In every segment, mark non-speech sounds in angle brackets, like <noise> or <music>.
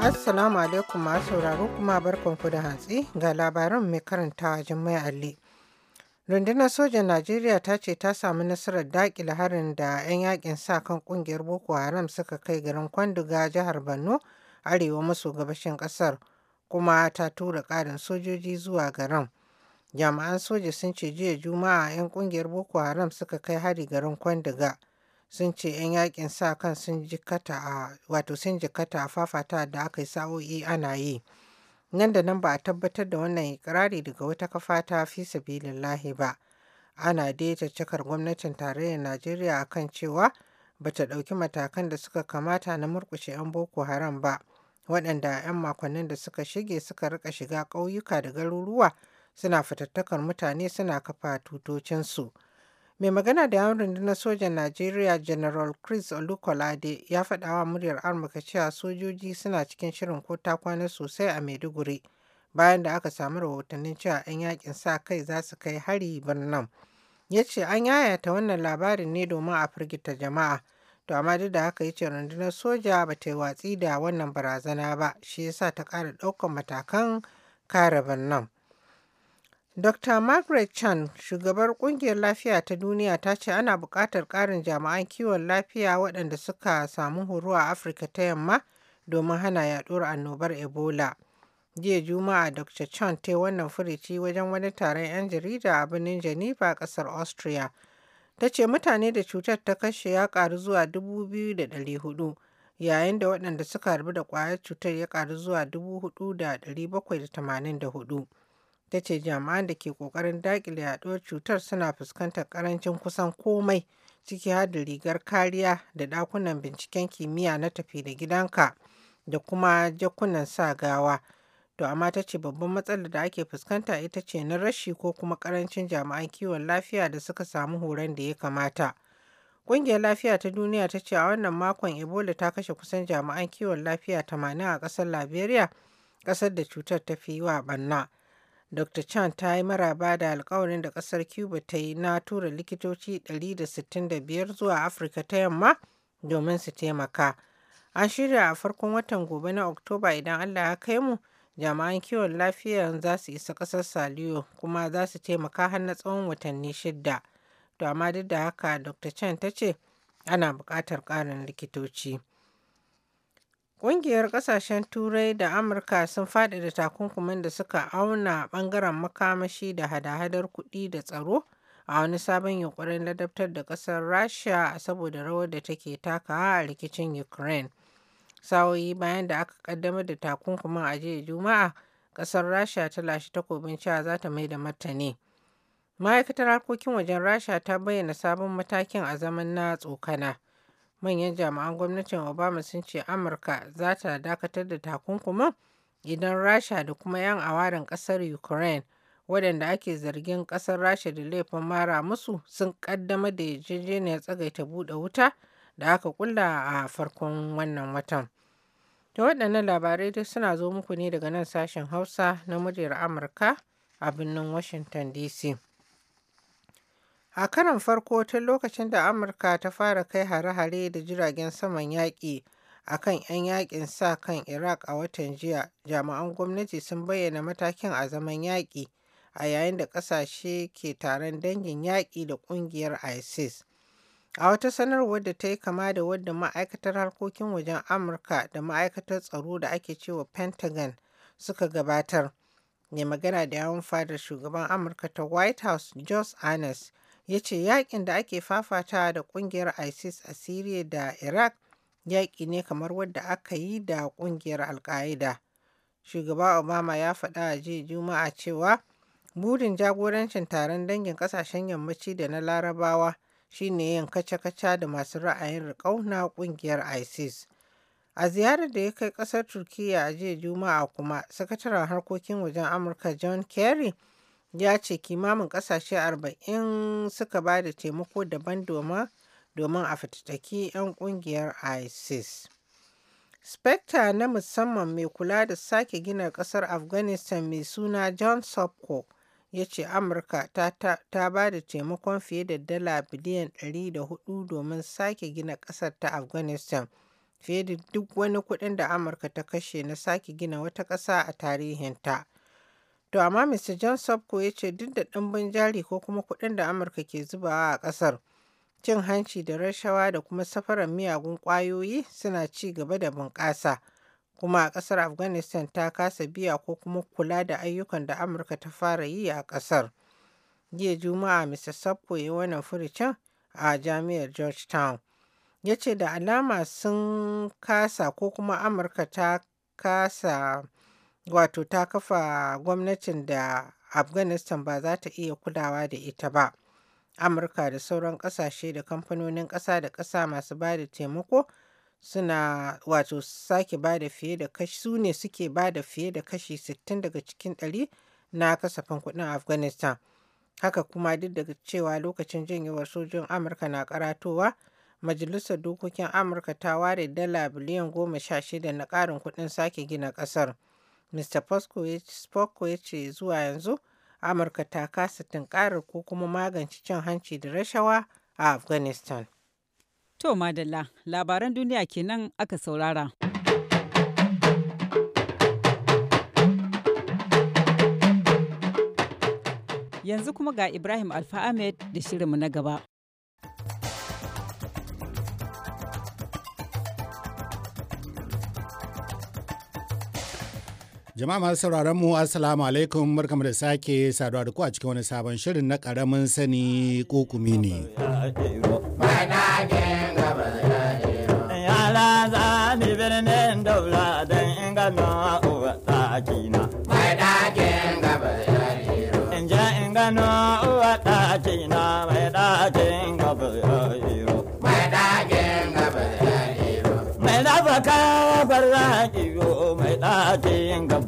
Assalamu alaikum masu sauraro kuma barkanku da hatsi ga labaran mai karantawa Jummai Alli. Rundunar sojan Najeriya ta ce ta samu nasarar daƙile harin da 'yan yakin sa kan kungiyar Boko Haram suka kai garin Kwanduga jihar Borno arewa maso gabashin ƙasar kuma ta tura ƙarin sojoji zuwa garin. Jama'an soja sun ce jiya Juma'a 'yan kungiyar Boko Haram suka kai hari garin Kwanduga. sun ce 'yan yakin sa kan sun jikata a wato sun jikata a fafata da aka yi sa'o'i ana yi nan da nan ba a tabbatar da wannan ikirari daga wata kafa ta fi lahi ba ana daita cakar gwamnatin tarayyar najeriya akan cewa ba ta ɗauki matakan da suka kamata na murkushe 'yan boko haram ba waɗanda 'yan makonnin da suka shige suka rika shiga ƙauyuka da garuruwa suna fatattakar mutane suna kafa tutocinsu. Mai magana da yawon rundunar sojan Najeriya General Chris Olukolade ya faɗa wa muryar Amurka cewa sojoji suna cikin shirin ko ta kwana sosai a Maiduguri bayan da aka samu rahotannin cewa 'yan yakin sa kai za su kai hari birnin. Ya ce an yayata wannan labarin ne domin a firgita jama'a. To amma duk da haka ya ce rundunar soja ba ta yi watsi da wannan barazana ba shi yasa ta ƙara ɗaukar matakan kare birnin. Dr. Margaret Chan, shugabar Ƙungiyar Lafiya ta Duniya ta ce ana buƙatar ƙarin jami'an kiwon lafiya waɗanda suka samu horo a Afirka ta Yamma domin hana yaɗuwar annobar Ebola. Jiya Juma'a Dr. Chan ta wannan furici wajen wani taron 'yan jarida a birnin Geneva ƙasar Austria. Ta ce mutane da cutar ta kashe ya ƙaru zuwa 2,400 yayin da waɗanda suka harbu da ƙwayar cutar ya ƙaru zuwa 4,784. ta ce jami'an da ke ƙoƙarin dakile yaɗuwar cutar suna fuskantar ƙarancin kusan komai ciki har da rigar kariya da ɗakunan binciken kimiyya na tafi da gidanka da kuma jakunan sa gawa to amma ta ce babban matsalar da ake fuskanta ita ce na rashi ko kuma karancin jami'an kiwon lafiya da suka samu horon da ya kamata ƙungiyar lafiya ta duniya ta ce a wannan makon ebola ta kashe kusan jami'an kiwon lafiya 80 a ƙasar liberia ƙasar da cutar ta fi yi wa banna Dr. Chan ta yi maraba da alkawarin da kasar Cuba ta yi na tura likitoci 165 zuwa Afirka ta yamma domin su taimaka. An shirya a farkon watan gobe na Oktoba idan Allah ya kai mu, jami'an kiwon lafiya za su isa ƙasar Saliyo kuma za su taimaka har na tsawon watanni shidda. To amma duk da haka Dr. Chan ta ce ana buƙatar ƙarin likitoci. Ƙungiyar ƙasashen Turai da Amurka sun faɗaɗa takunkumin da suka auna ɓangaren makamashi da hada-hadar kuɗi da tsaro a wani sabon yunƙurin ladabtar da ƙasar Rasha saboda rawar da take taka a rikicin Ukraine. Sawoyi bayan da aka ƙaddamar da takunkumin a jiya Juma'a, ƙasar Rasha ta lashe takobin cewa za ta mai da martani. Ma'aikatar harkokin wajen Rasha ta bayyana sabon matakin a zaman na tsokana. manyan jami'an gwamnatin obama sun ce amurka za ta dakatar da takunkumin idan rasha da kuma 'yan awarin kasar ukraine waɗanda ake zargin ƙasar rasha da laifin mara musu sun ƙaddamar da yarjejeniyar tsagaita buɗe wuta da aka kulla a farkon wannan watan da waɗannan labarai duk suna zo muku ne daga nan sashen hausa na muryar amurka a birnin washington dc A karon farko tun lokacin da Amurka ta fara kai hare-hare da jiragen saman yaƙi a kan 'yan yaƙin sa-kan Iraq a watan jiya, jami'an gwamnati sun bayyana matakin a zaman yaƙi, a yayin da ƙasashe ke taron dangin yaƙi da ƙungiyar ISIS. A wata sanarwar da ta yi kama da wadda ma'aikatar harkokin wajen Amurka da ma'aikatar tsaro da ake cewa Pentagon suka gabatar, ne magana da yawon fadar shugaban Amurka ta White House, Josh Earnest, ya ce yakin da ake fafata da kungiyar isis a syria da iraq yaƙi ne kamar wadda aka yi da kungiyar alka'ida shugaba obama ya faɗa a jiya juma'a cewa burin jagorancin taron dangin ƙasashen yammaci da na larabawa shine yin kaca-kaca da masu ra'ayin riƙau na kungiyar isis a ziyarar da ya kai ƙasar turkiya a jiya juma'a kuma sakataren harkokin wajen amurka john kerry ya ce kimamin ƙasashe 40 suka ba da taimako daban domin a fitattaki 'yan ƙungiyar isis spectre na musamman mai kula da sake gina ƙasar afghanistan mai suna john sopko ya ce amurka ta, ta, ba da taimakon fiye da dala biliyan 104 domin sake gina ƙasar ta afghanistan fiye da duk wani kuɗin da amurka ta kashe na sake gina wata ƙasa a tarihinta. ta To amma Mr. John Sopko ya ce duk da ɗimbin jari ko kuma kuɗin da Amurka ke zubawa a ƙasar, cin hanci da rashawa da kuma safarar miyagun ƙwayoyi suna ci gaba da bunƙasa, kuma a ƙasar Afghanistan ta kasa biya ko kuma kula da ayyukan da Amurka ta fara yi a ƙasar. Jiya Juma'a Mr. Sopko ya wannan furucin a Jami'ar Georgetown. Ya ce da alama sun kasa ko kuma Amurka ta kasa wato ta kafa gwamnatin da afghanistan ba za ta iya kulawa da ita ba amurka da sauran kasashe da kamfanonin ƙasa da ƙasa masu ba da taimako suna wato sake ba da fiye da kashi su ne suke ba da fiye da kashi 60 daga cikin 100 na kasafin kuɗin afghanistan haka kuma duk daga cewa lokacin janyewar sojin amurka na karatowa majalisar dokokin amurka ta ware dala biliyan goma sha shida na ƙarin kuɗin sake gina ƙasar. Mr. Posko ya ce zuwa yanzu Amurka ta kasa tunkarar ko kuma magance cin hanci da rashawa a Afghanistan. To Madalla, labaran duniya kenan aka saurara. Yanzu kuma ga Ibrahim Alfa Ahmed da shirinmu na gaba. Jama'a masu sauraron mu Assalamu alaikum barkamu da sake saduwa da ku a cikin wani sabon shirin na karamin sani kokumi ne.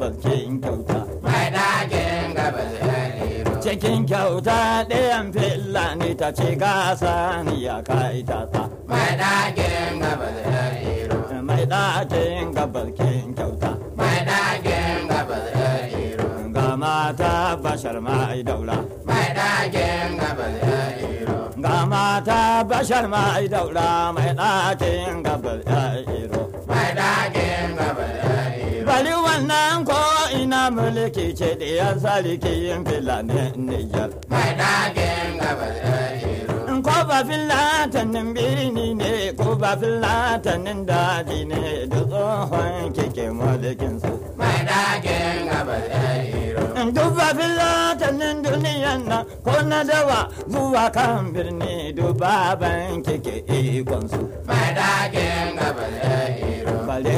gabas ke in kyauta. Mai ɗakin gabas Cikin kyauta ɗayan filla ne ta ce gasa ni ya ka ita ta. Mai ɗakin gabas ya Mai ɗakin gabas ke kyauta. Mai ɗakin gabas ya Ga mata bashar ma'ai daula. Mai ɗakin gabas ya Ga mata bashar ma'ai daula mai ɗakin gabas ya Mai ɗakin gabas ya bari wannan ko ina mulki ce da ya sarki yin ne Nijar. Mai dagin gaba da Ko ba filatanin birni ne ko ba filatanin daji ne da tsohon kike mulkin su. Mai dagin gaba da Duk ba filatanin duniyan na ko na dawa zuwa kan birni baban kike ikon su. Mai dagin gaba da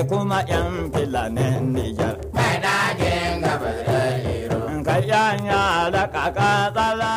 kuma yan filanin Nijar. Kada iro. kaka tsala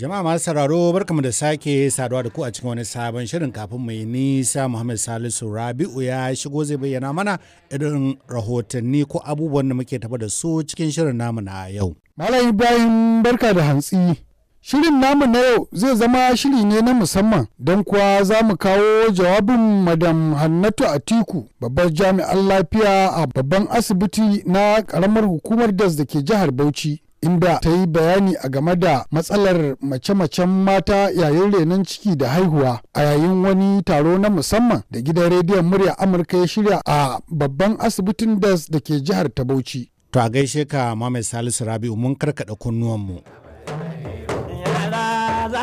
Jama'a masu sauraro barkamu da sake saduwa da ku a cikin wani sabon shirin kafin mai nisa Muhammad Salisu Rabi'u ya shigo zai bayyana mana irin rahotanni ko abubuwan da muke tafa da su cikin shirin namu na yau. Malam Ibrahim barka da hantsi. Shirin namu na yau zai zama shiri ne na musamman don kuwa za mu kawo jawabin Madam Hannatu Atiku babbar jami'an lafiya a babban asibiti na karamar hukumar das da ke jihar Bauchi. Inda ta yi bayani a game da matsalar mace-macen mata yayin renon ciki da haihuwa a yayin wani taro na musamman da gidan rediyon murya Amurka ya shirya a babban asibitin das da ke jihar ta Bauchi. To a gaishe ka Mohammed Salisu Rabi'u mun karkada kunnuwanmu.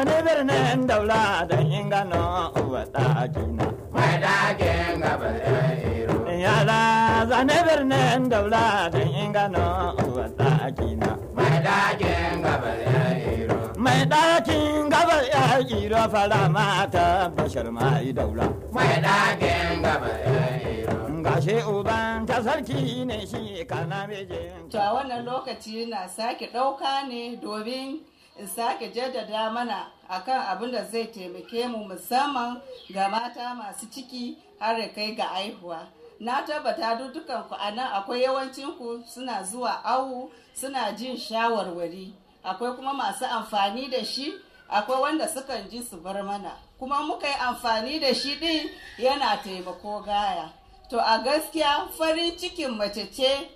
ni birnin daula da ingano uwa ɗakina. Mai ɗakin gabalin iro. Yara za ni birnin daula da ingano uwa ɗakina. Mai ɗakin gabalin iro. Mai ɗakin ya iro fara mata bashar mai daula. Mai ɗakin gabalin iro. gashe uban ta sarki ne shi kana mejin. To a wannan lokaci na sake ɗauka ne domin in sake jaddada mana akan abin da zai taimake mu musamman ga mata masu ciki har da kai ga aihuwa na tabbata dukkan ku a nan akwai yawancin ku suna zuwa awu suna jin shawarwari akwai kuma masu amfani da shi akwai wanda sukan ji su bar mana kuma muka yi amfani da shi din yana taimako gaya to a gaskiya farin cikin mace ce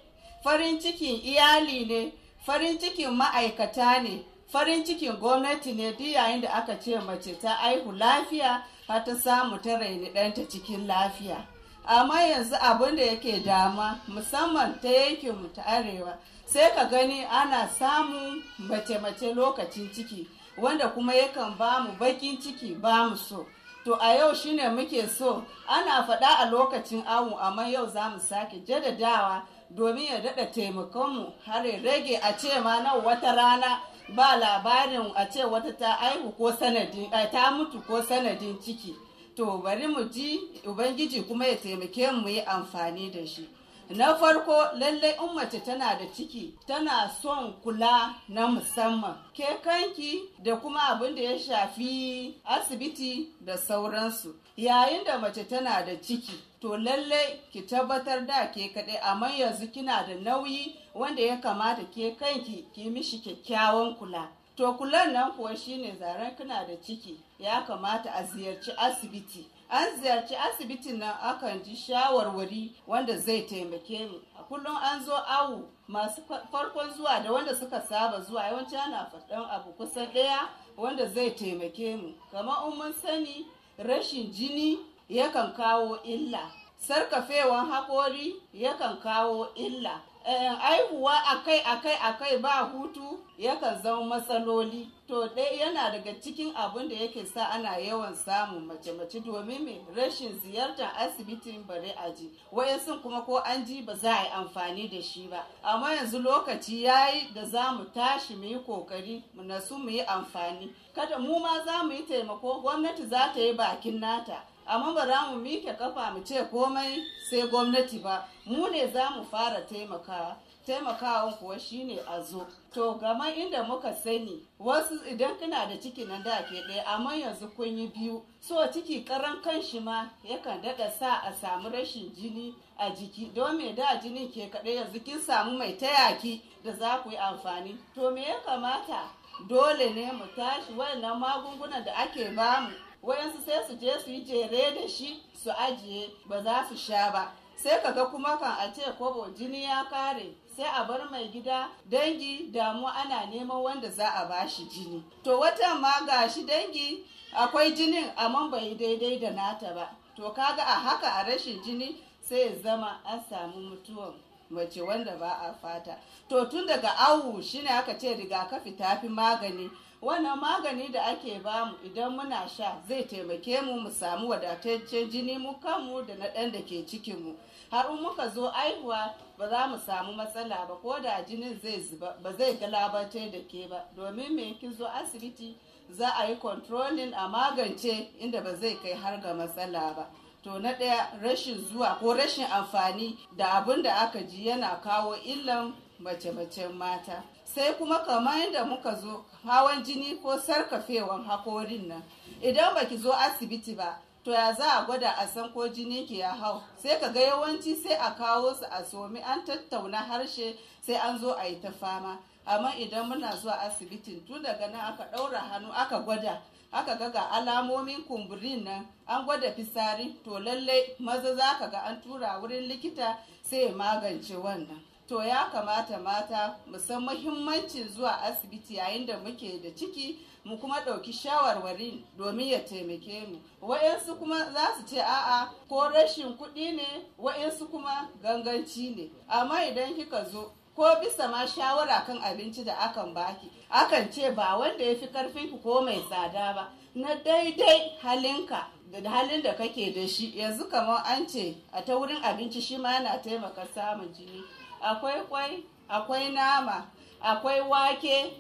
farin cikin iyali ne farin cikin ma'aikata ne farin cikin gwamnati ne duk yayin da aka ce mace ta aihu lafiya har ta samu ta raini ɗanta cikin lafiya amma yanzu abin da yake dama musamman ta yankin mu ta arewa sai ka gani ana samun mace-mace lokacin ciki wanda kuma yakan ba mu bakin ciki ba mu so to a yau shine muke so ana faɗa a lokacin awu amma yau za mu sake jaddadawa domin ya daɗa taimakonmu har ya rage a ce ma nan wata rana ba labarin a ce wata ta aihu ko sanadin eh, ta mutu ko sanadin ciki to bari mu ji ubangiji kuma ya taimake mu yi amfani da shi na farko lallai in mace tana da ciki tana son kula na musamman ke kanki da kuma abin da ya shafi asibiti da sauransu yayin da mace tana da ciki to lallai ki tabbatar da ke kaɗai amma yanzu kina da nauyi wanda ya kamata ke kanki ki mishi kyakkyawan kula to kulan nan kuwa shine zaren kina da ciki ya kamata a ziyarci asibiti an ziyarci asibitin nan akan ji shawarwari wanda zai taimake mu a kullum an zo awu masu farkon zuwa da wanda suka saba zuwa yawanci ana faɗan abu kusa ɗaya wanda zai taimake mu kamar in sani rashin jini yakan kawo illa sarkafewan haƙori yakan kawo illa Eh, aihuwa akai akai akai ba hutu yakan zama matsaloli to dai yana daga cikin abun da yake sa ana yawan samun mace-mace domin me rashin ziyartar asibitin bare aji wayansu kuma ko an ji ba za a yi amfani da shi ba amma yanzu lokaci ya yi da za mu tashi mu yi kokari mu nasu mu yi amfani kada mu ma za mu yi taimako gwamnati za ta yi bakin nata amma ba za mu mike kafa mu ce komai sai gwamnati ba mu ne za mu fara taimakawa Taimakawa kuwa shine a zo to gama inda muka sani wasu idan kana da ciki na da ke ɗaya amma yanzu kun yi biyu so ciki karan kan shi ma yakan daɗa sa a samu rashin jini a jiki don da jini ke kaɗai yanzu kin samu mai taya ki da za ku yi amfani to me ya kamata dole ne mu tashi wannan magungunan da ake bamu wayansu sai su je su yi jere da shi su ajiye ba za su sha ba sai ka ga kuma kan a ce kobo jini ya kare sai a bar mai gida dangi damu ana neman wanda za a bashi jini to wata ma gashi dangi akwai jinin amma bai daidai da nata ba to kaga a haka a rashin jini sai ya zama an samu mutuwan mace wanda ba a fata to tun daga awu shine aka ce rigakafi tafi magani wannan magani da ake bamu idan muna sha zai taimake mu mu samu wadataccen jini mu kanmu da na ɗan da ke cikinmu. har in muka zo aihuwa ba za mu samu matsala ba ko da jinin zai zuba ba zai galabatar da ke ba domin mai kin zo asibiti za a yi controlling a magance inda ba zai kai har ga matsala ba to na ɗaya rashin zuwa ko rashin amfani da abin da aka ji yana kawo illan mace-macen mata sai kuma kamar yadda muka zo hawan jini ko sarkafewan hakorin nan idan baki zo asibiti ba to ya za a gwada a san ko jini ki ya hau sai ka ga yawanci sai a kawo su a somi an tattauna harshe sai an zo a yi ta fama amma idan muna zuwa asibitin tun daga nan aka ɗaura hannu aka gwada aka ga ga alamomin kumburin nan an gwada fisari to lallai maza za ka ga an tura wurin likita sai magance wannan to ya kamata mata mu san muhimmancin zuwa asibiti yayin da muke da ciki mu kuma ɗauki shawarwari domin ya taimake mu wa'yansu kuma za su ce a'a ko rashin kuɗi ne wa'yansu kuma ganganci ne amma idan kika zo ko bisa ma shawara kan abinci da akan baki akan ce ba wanda ya fi ku ko mai tsada ba na daidai halinka da halin da kake da shi yanzu kamar an ce a ta wurin abinci shi ma yana taimaka samun jini akwai kwai akwai nama akwai wake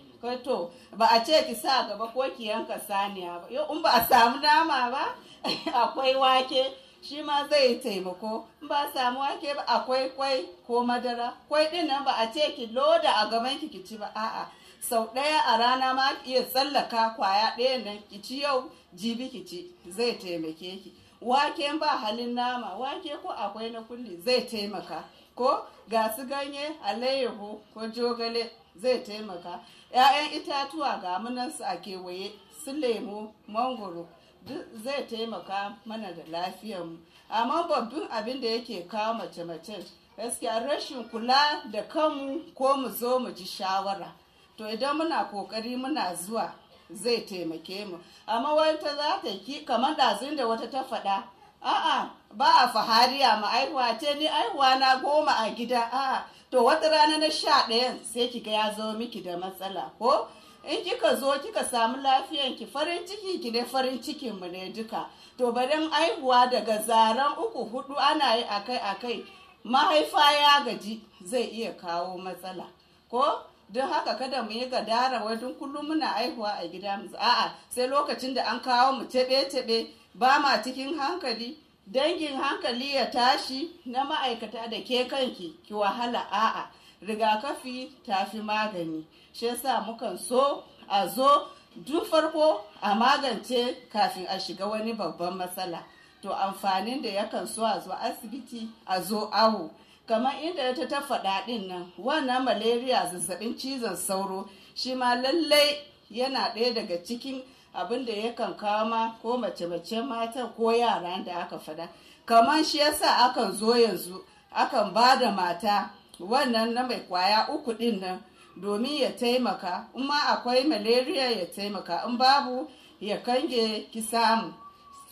to ba a ce ki sa gaba ko ki yanka saniya ba in ba a samu nama ba <laughs> akwai wake shi ma zai taimako in ba a samu wake ba akwai kwai ko madara kwai din nan ba a ce ki loda a gaban ki ki ci ba a'a sau ɗaya a rana ma iya tsallaka kwaya ɗaya nan ki ci yau jibi ki ci zai taimake ki wake ba halin nama wake ko akwai na kulli zai taimaka ko ga su ganye alayyahu ko jogale zai taimaka 'ya'yan itatuwa ga munansu a kewaye su lemu mangoro duk zai taimaka mana da lafiyanmu amma babban abin da yake kawo mace-macen gaskiya rashin kula da kanmu ko mu zo mu ji shawara to idan muna kokari muna zuwa zai taimake mu amma wata za ta ki kamar ɗazun da wata ta faɗa a'a ba a fahariya ma aihuwa ce ni aihuwa na goma a gida a to wata rana na sha ɗayan sai kika ya zo miki da matsala ko in kika zo kika samu lafiyan ki farin ciki ki ne farin cikin mu ne duka to barin aihuwa daga zaren uku hudu ana yi akai akai mahaifa ya gaji zai iya kawo matsala ko don haka kada mu yi gadara wajen kullum muna aihuwa a gida mu a'a sai lokacin da an kawo mu tebe tebe ba ma cikin hankali dangin hankali ya tashi na ma'aikata da ke kanki ki wahala a'a rigakafi tafi magani shi yasa mukan so a zo duk farko a magance kafin a shiga wani babban matsala to amfanin da yakan so a zo asibiti a zo awo kamar inda ya ta faɗa ɗin nan wannan malaria zazzabin cizon sauro shi ma lallai yana ɗaya daga cikin abin da ya kan kama ko mace-mace mata ko yara da aka fada kamar shi yasa akan zo yanzu akan ba da mata wannan na mai kwaya uku din nan domin ya taimaka in ma akwai malaria ya taimaka in babu ya kange ki samu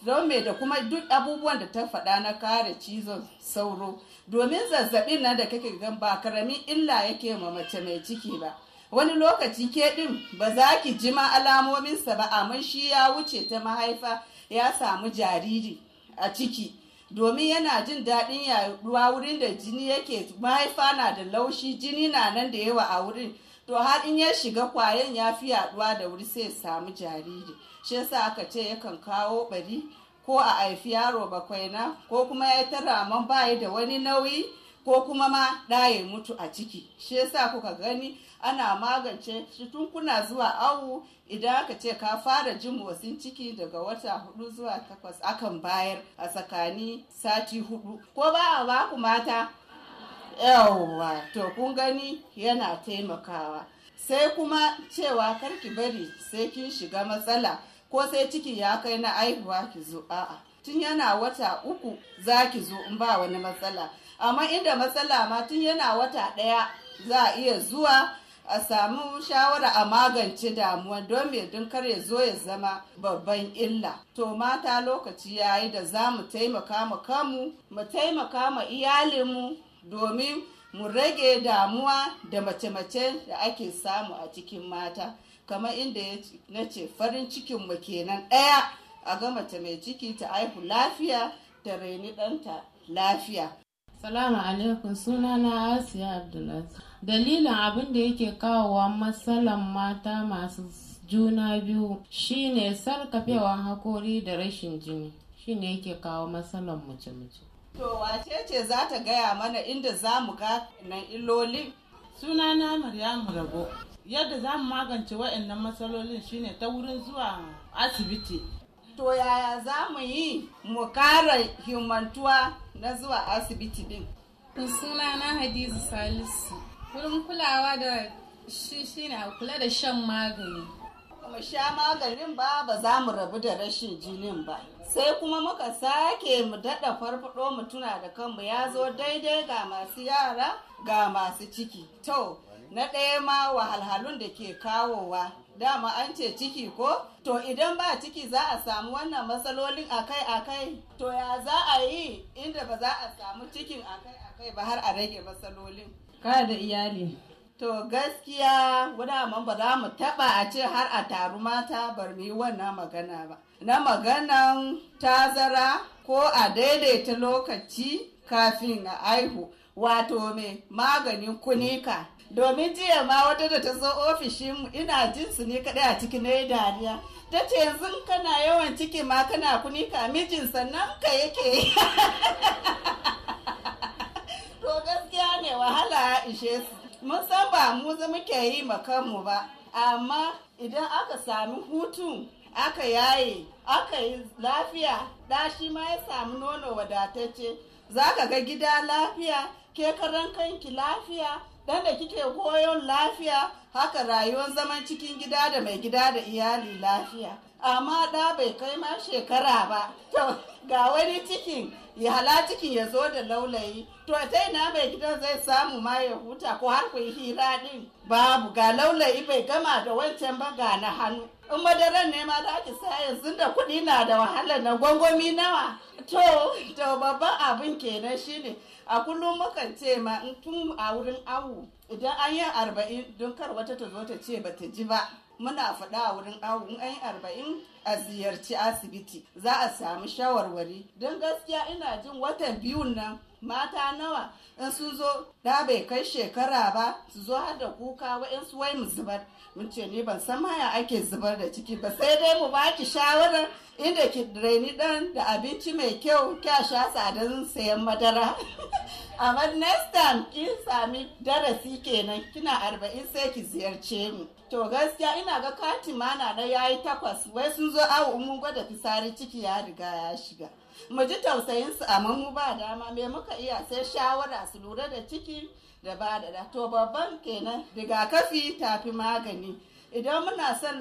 don me da kuma duk abubuwan da ta faɗa na kare cizon sauro domin zazzabin nan da kake gan ba karamin illa yake ma mace mai ciki ba wani lokaci ke ɗin ba za ki ji ma alamominsa ba amma shi ya wuce ta mahaifa ya samu jariri a ciki domin yana jin daɗin yaɗuwa, wurin da jini yake mahaifa na da laushi jini na nan da yawa a wurin to har in ya shiga kwayan ya fi yaduwa da wuri sai ya samu jariri shi yasa aka ce yakan kawo bari ko a haifi yaro bakwai na ko kuma ya ta raman bayi da wani nauyi ko kuma ma ɗaya mutu a ciki shi yasa kuka gani ana magance shi tun kuna zuwa awu idan aka ce ka fara jin motsin ciki daga wata hudu zuwa takwas akan bayar a tsakani sati hudu ko ba a baku mata yawwa to kun gani yana taimakawa sai kuma cewa karki bari sai kin shiga matsala ko sai ciki ya kai na aihuwa ki zo a'a tun yana wata uku za ki zo in ba wani matsala amma inda matsala ma tun yana wata ɗaya za a iya zuwa a samu shawara a magance damuwa don don kar ya zo ya zama babban illa to mata lokaci yayi da za mu taimaka ma kanmu mu taimaka ma iyalinmu domin mu rage damuwa da mace-mace da ake samu a cikin mata kamar inda na ce farin cikin mu kenan ɗaya a ga mace mai ciki ta aihu lafiya ta raini ɗanta lafiya salamu alaikum sunana asiya abdullahi dalilin abin da yake kawowa matsalan mata masu juna biyu shine sarkafewan hakori da rashin jini shine yake kawo matsalan mace-mace to wace ce za ta gaya mana inda za mu ga nan Suna na maryamu rabo yadda za mu magance waɗannan matsalolin shine ta wurin zuwa asibiti to yaya za mu yi mu kara himmantuwa na zuwa asibiti din sunana hadizu salisu wurin kulawa da shi shine a kula da shan magani mu sha maganin ba ba za mu rabu da rashin jinin ba sai kuma muka sake mu daɗa farfado mu tuna da kanmu ya zo daidai ga masu yara ga masu ciki to na ɗaya ma wahalhalun da ke kawowa dama an ce ciki ko to idan ba ciki za a samu wannan matsalolin akai-akai to ya za a yi inda ba za a samu cikin akai-akai ba har a rage matsalolin Kada da iyali. To gaskiya amma ba za mu taɓa a ce har a taru mata bar mu yi wannan magana ba. Na maganan tazara ko a daidaita lokaci kafin a aihu wato mai maganin kunika. Domin jiya ma wata da ta zo ofishin ina jin su ne kaɗai a cikin na dariya. Ta ce yanzu kana yawan ciki ma kana kunika mijin sannan ka yake. <laughs> To gaskiya ne wahala ya ishe su. Mun san ba mu muke yi ma kanmu ba, amma idan aka sami hutu aka yaye aka yi lafiya da shi ma ya sami nono wadatacce za ka ga gida lafiya ke karan kanki lafiya dan da kike koyon lafiya haka rayuwar zaman cikin gida da mai gida da iyali lafiya amma ɗa bai kai ma shekara ba to ga wani cikin ya hala ya zo da laulayi to ta ina mai gidan zai samu ma ya huta ko har ku yi hira din babu ga laulayi bai gama da wancan ba ga na hannu in madaran ne ma za ki sa yanzu da kuɗi na da wahala na gwangwami nawa to to babban abin kenan shine a kullum mukan ce ma in tun a wurin awu idan an yi arba'in don kar wata ta zo ta ce bata ji ba muna faɗa a wurin awu in an yi arba'in a ziyarci asibiti za a samu shawarwari don gaskiya ina jin watan biyun nan mata nawa in sun zo da bai kai shekara ba su zo har da kuka wa'insu wai mu zubar mun ce ni ban san haya ake zubar da ciki ba sai dai mu baki shawarar inda ki raini dan da abinci mai kyau kya sha tsadan sayan madara <laughs> amma next time kin sami darasi kenan kina arba'in sai ki ziyarce mu To gaskiya ina ga kati mana na yayi takwas wai sun zo awo mun gwada fisari ciki ya riga ya shiga. Mu ji tausayin su amma mu ba dama me muka iya sai shawara su lura da ciki da ba da to babban kenan rigakafi tafi magani. idan muna son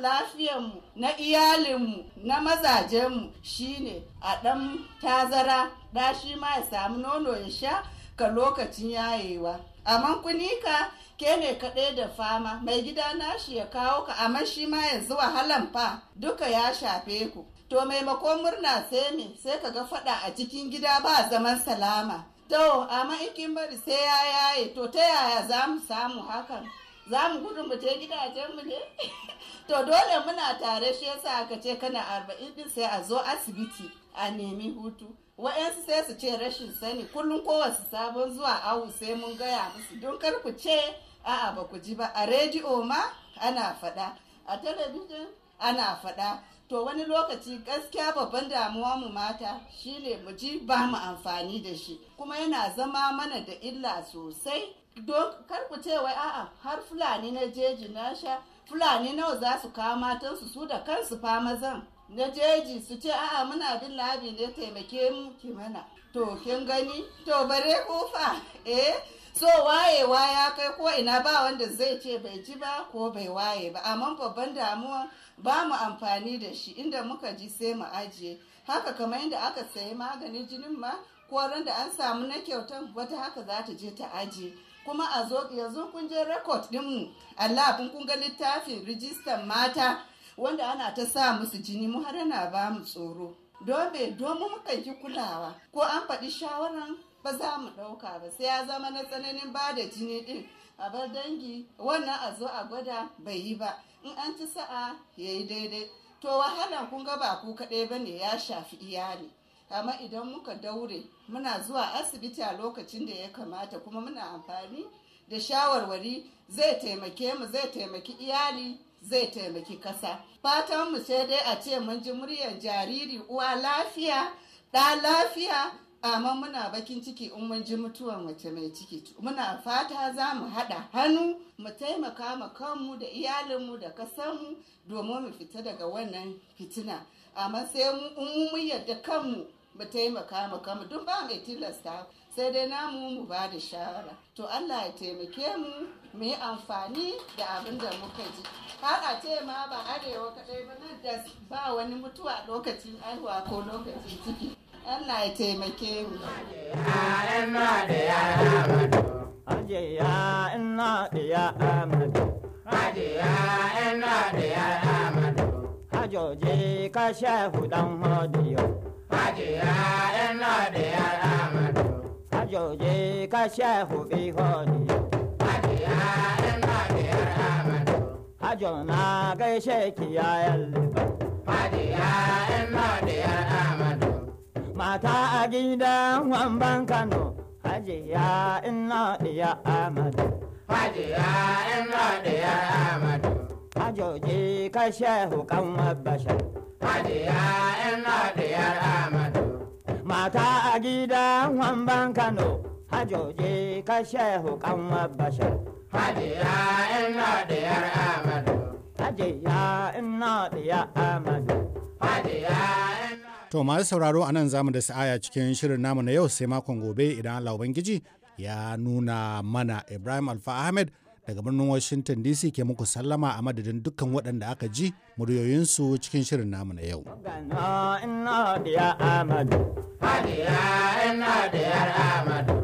mu na iyalin mu na mazajen mazajenmu shine a ɗan tazara ɗashi ma ya samu nono ya sha ka lokacin yayewa amma kunika ke ne kaɗai da fama mai gida na shi ya kawo ka amma shi ma yanzu wahalan fa duka ya shafe ku to maimakon murna sai me sai ka ga faɗa a cikin gida ba zaman salama to amma ikin bari sai ya yaye to ta yaya za mu samu hakan za mu gudu mu je gidajen mu ne <laughs> to dole muna tare shi yasa ka ce kana arba'in din sai a zo asibiti a nemi hutu wa'yansu sai su ce rashin sani kullum kowace sabon zuwa awu sai mun gaya musu don kar ku ce a'a ba ku ji ba a rediyo ma ana faɗa a talabijin ana faɗa to wani lokaci gaskiya babban damuwa mu mata shine mu ji ba mu amfani da shi kuma yana zama mana da illa sosai don kar ku ce wai a'a har fulani na jeji na sha fulani nawa za su kawo matansu su da kansu fa mazan na jeji su ce a'a muna bin labi ne taimake mu ki mana to kin gani to bare kofa eh so wayewa ya kai ko ina ba wanda zai ce bai ji ba ko bai waye ba amma babban damuwa ba mu amfani da shi inda muka ji sai mu ajiye haka kamar yadda aka sayi magani jinin ma ko da an samu na kyautan wata haka za ta je ta ajiye kuma a zo yanzu kun je din mu Allah kun ga littafin rijistan mata wanda ana ta sa musu jini mu har yana ba mu tsoro dobe domin mukan ki kulawa ko an faɗi shawaran ba za mu ɗauka ba sai ya zama na tsananin ba da jini ɗin a bar dangi wannan a zo a gwada bai yi ba in an ci sa'a ya yi daidai to wahala kun ga ba ku kaɗai ba ne ya shafi iyali amma idan muka daure muna zuwa asibiti a lokacin da ya kamata kuma muna amfani da shawarwari zai taimake mu zai taimaki iyali zai taimaki kasa Fatan mu sai dai a ce mun ji muryar jariri uwa lafiya, ɗa lafiya, amma muna bakin ciki in mun ji mutuwar mace mai ciki. Muna fata za mu haɗa hannu mu taimaka ma kanmu da iyalinmu da kasanmu domin mu fita daga wannan fitina. Amma sai mu mun yarda kanmu mu taimaka ma kanmu duk ba mai tilasta sai dai namu mu ba da shawara. To Allah ya taimake mu mu yi amfani da abin da muka ji haka ce ma ba arewa kaɗai ba nan da ba wani mutuwa lokacin aihuwa ko lokacin ciki Allah ya taimake mu Hajiya ina da ya amadu Hajiya ina da ya amadu Hajoji ka shehu dan hodiyo Hajiya ina da ya amadu Hajoji ka shehu bihodiyo Hajo na gaishe ki yayan Hadiya ina diyar Amadu. Mata a gidan wamban Kano, Hajiya ina diyar Amadu. Hajiya ina diyar Amadu. Hajoji ka shehu kan wabasha. Hajiya ina diyar Amadu. Mata a gidan wamban Kano, Hajoji ka shehu kan wabasha. Hajiya diyar To masu sauraro a nan zamu da sa'aya cikin shirin namu na yau sai makon gobe idan Allah Ubangiji ya nuna mana Ibrahim Alfa Ahmed daga birnin Washington DC ke muku sallama a madadin dukkan waɗanda aka ji muryoyinsu cikin shirin namu na yau. Hadiya ina diyar Amadu.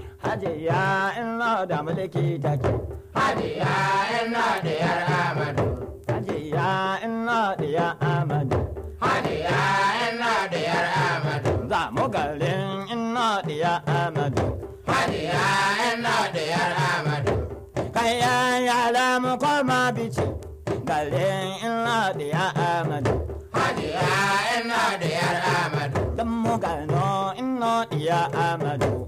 hajiya ina da mulki take hajiya ina da yar amadu hajiya ina da yar amadu hajiya ina da yar amadu za mu garin ina da yar amadu hajiya ina da yar amadu ya ya yara mu koma bici garin ina da yar amadu hajiya ina da yar amadu dan mu gano ina da yar amadu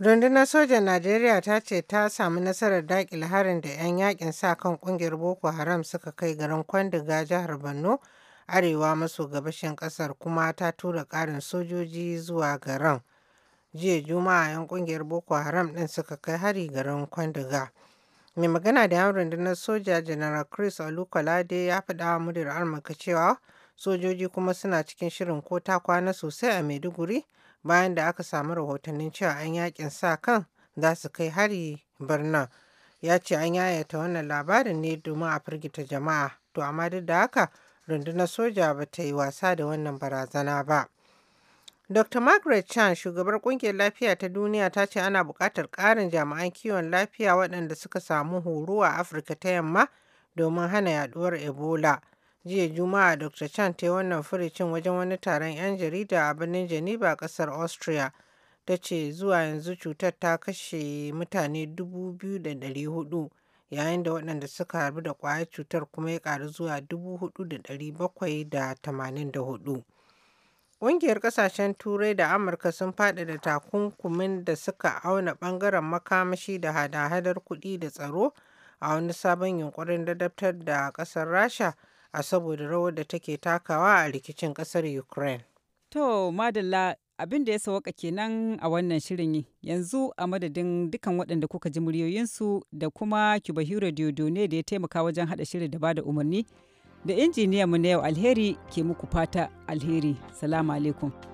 Rundunar Sojan Najeriya ta ce ta samu nasarar daƙile harin da 'yan yakin sa kan ƙungiyar Boko Haram suka kai garin Kwandiga jihar Borno, arewa maso gabashin ƙasar kuma ta tura ƙarin sojoji zuwa garin. Jiya Juma'a 'yan ƙungiyar Boko Haram ɗin suka kai hari garin Kwandiga. Mai magana da 'yan rundunar soja General Chris Olukolade ya faɗa wa muryar Amurka cewa sojoji kuma suna cikin shirin ko ta kwana sosai a Maiduguri bayan da aka samu rahotannin cewa an yakin sa kan za su kai hari birnin ya ce an yayata wannan labarin ne domin a firgita jama'a to amma duk da haka rundunar soja ba ta yi wasa da wannan barazana ba dr margaret chan shugabar kungiyar lafiya ta duniya ta ce ana buƙatar ƙarin jami'an kiwon lafiya waɗanda suka samu horo a afirka ta yamma domin hana yaduwar ebola jiya juma'a dr chan ta yi wannan furicin wajen wani taron 'yan jarida a birnin geneva kasar austria ta ce zuwa yanzu cutar ta kashe mutane 2,400 yayin da waɗanda suka harbu da ƙwayar cutar kuma ya ƙaru zuwa 4,784 Ƙungiyar ƙasashen Turai da Amurka sun faɗi da takunkumin da suka auna ɓangaren makamashi da hada-hadar kuɗi da tsaro a wani sabon yunkurin dadabtar da ƙasar Rasha a saboda rawar da take takawa a rikicin ƙasar Ukraine. To, Madalla, abin da ya sawaka kenan a wannan shirin yanzu a madadin dukan waɗanda kuka ji muryoyinsu da kuma Kibahiro Diodone da ya taimaka wajen haɗa shirin da ba da umarni da mu na yau alheri ke muku fata alheri. Salamu alaikum.